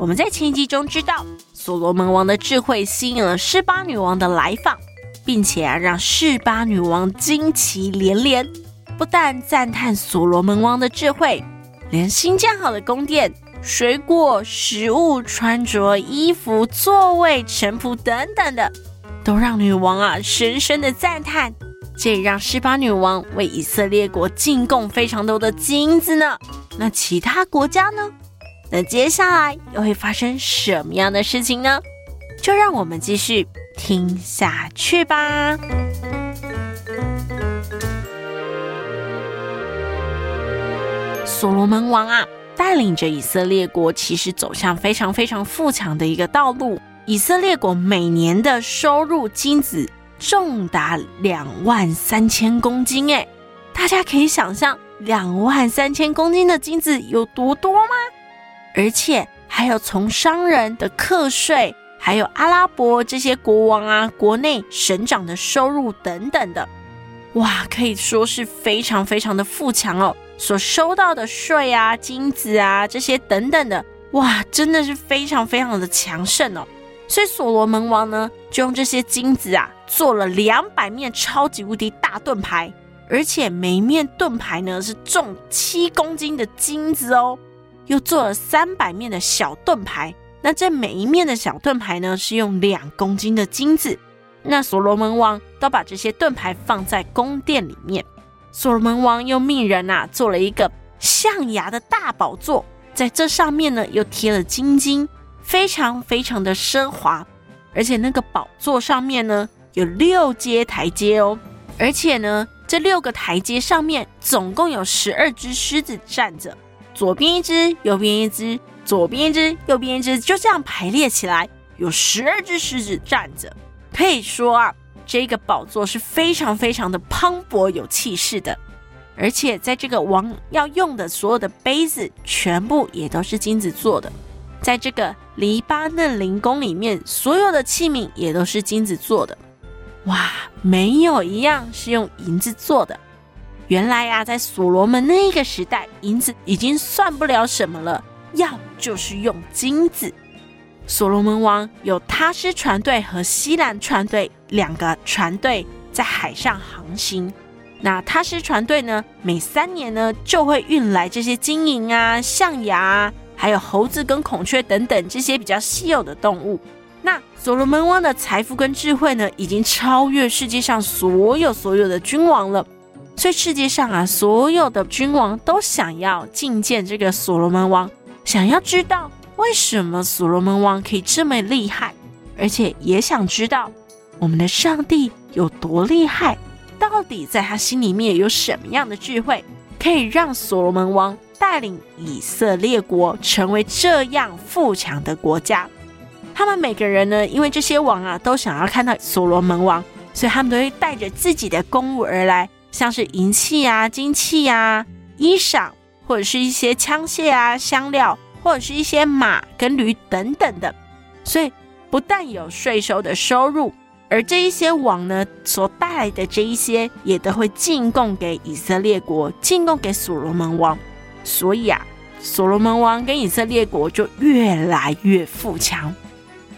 我們在前集中知道，所羅門王的智慧吸引了示巴女王的來訪，並且啊讓示巴女王驚奇連連，不但讚嘆所羅門王的智慧，連新建好的宮殿、水果、食物、穿着衣服、座位、臣僕等等的，都讓女王啊深深的讚嘆。這也讓示巴女王為以色列國進貢非常多的金子呢。那其他國家呢？那接下來又會發生什麼樣的事情呢？就讓我們繼續聽下去吧。所羅門王啊，帶領着以色列國，其實走向非常非常富強的一個道路。以色列國每年的收入金子重達兩萬三千公斤。哎，大家可以想象兩萬三千公斤的金子有多多嗎？而且還有從商人的課稅，還有阿拉伯這些國王啊，國內省長的收入等等的，哇，可以說是非常非常的富強哦。所收到的稅啊、金子啊這些等等的，哇，真的是非常非常的強盛哦。所以所羅門王呢，就用這些金子啊，做了兩百面超級無敵大盾牌，而且每一面盾牌呢是重七公斤的金子哦。又做了三百面的小盾牌，那這每一面的小盾牌呢，是用兩公斤的金子。那所羅門王都把這些盾牌放在宮殿裡面。所羅門王又命人吶、啊，做了一個象牙的大寶座，在這上面呢，又貼了金金，非常非常的奢華。而且那個寶座上面呢，有六階台階哦，而且呢，這六個台階上面總共有十二隻獅子站着。左邊一隻，右邊一隻，左邊一隻，右邊一隻，就這樣排列起來，有十二隻獅子站着可以說啊，這個寶座是非常非常的磅礴有氣勢的，而且在這個王要用的所有的杯子，全部也都是金子做的。在這個黎巴嫩林宮裡面，所有的器皿也都是金子做的，哇，沒有一樣是用銀子做的。原來呀、啊，在所羅門那個時代，銀子已經算不了什麼了，要就是用金子。所羅門王有他施船隊和希蘭船隊兩個船隊在海上航行。那他施船隊呢，每三年呢就會運來這些金銀啊、象牙，啊，還有猴子跟孔雀等等這些比較稀有的動物。那所羅門王的財富跟智慧呢，已經超越世界上所有所有的君王了。所以世界上啊，所有的君王都想要覲見這個所羅門王，想要知道為什麼所羅門王可以這麼厲害，而且也想知道我們的上帝有多厲害，到底在他心裡面有什麼樣的智慧，可以讓所羅門王帶領以色列國成為這樣富強的國家。他們每個人呢，因為這些王啊都想要看到所羅門王，所以他們都會帶着自己的貢物而來，像是銀器啊、金器啊、衣裳，或者是一些槍械啊、香料，或者是一些馬跟驢等等的，所以不但有稅收的收入，而這一些王呢，所帶來的這一些，也都會進貢給以色列國，進貢給所羅門王。所以啊，所羅門王跟以色列國就越來越富強，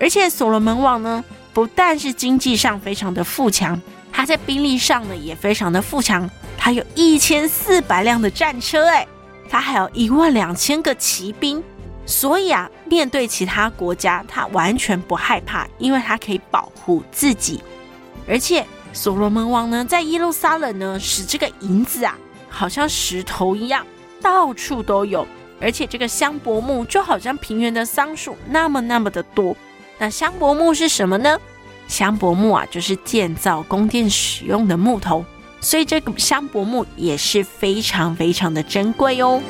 而且所羅門王呢，不但是經濟上非常的富強。他在兵力上呢也非常的富強，他有一千四百輛的戰車，哎，他還有一萬兩千個騎兵，所以啊，面對其他國家，他完全不害怕，因為他可以保護自己。而且所羅門王呢，在耶路撒冷呢，使這個銀子啊，好像石頭一樣，到處都有。而且這個香柏木，就好像平原的桑樹那麼那麼的多。那香柏木是什麼呢？香柏木啊，就是建造宮殿使用的木頭，所以這個香柏木也是非常非常的珍貴哦。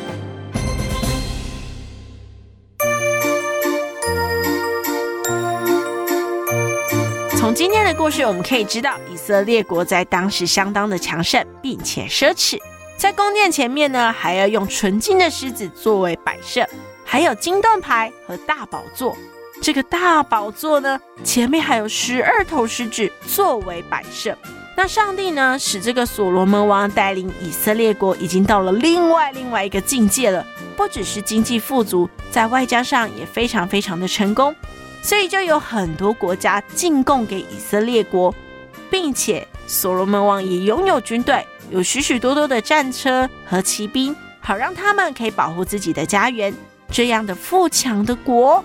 從今天的故事，我們可以知道以色列國在當時相當的強盛，並且奢侈。在宮殿前面呢，還要用純金的獅子作為擺設，還有金盾牌和大寶座。這個大寶座呢，前面還有十二頭獅子作為擺設。那上帝呢，使這個所羅門王帶領以色列國已經到了另外另外一個境界了，不只是經濟富足，在外交上也非常非常的成功，所以就有很多國家進貢給以色列國，並且所羅門王也擁有軍隊，有許許多多的戰車和騎兵，好讓他們可以保護自己的家園。這樣的富強的國。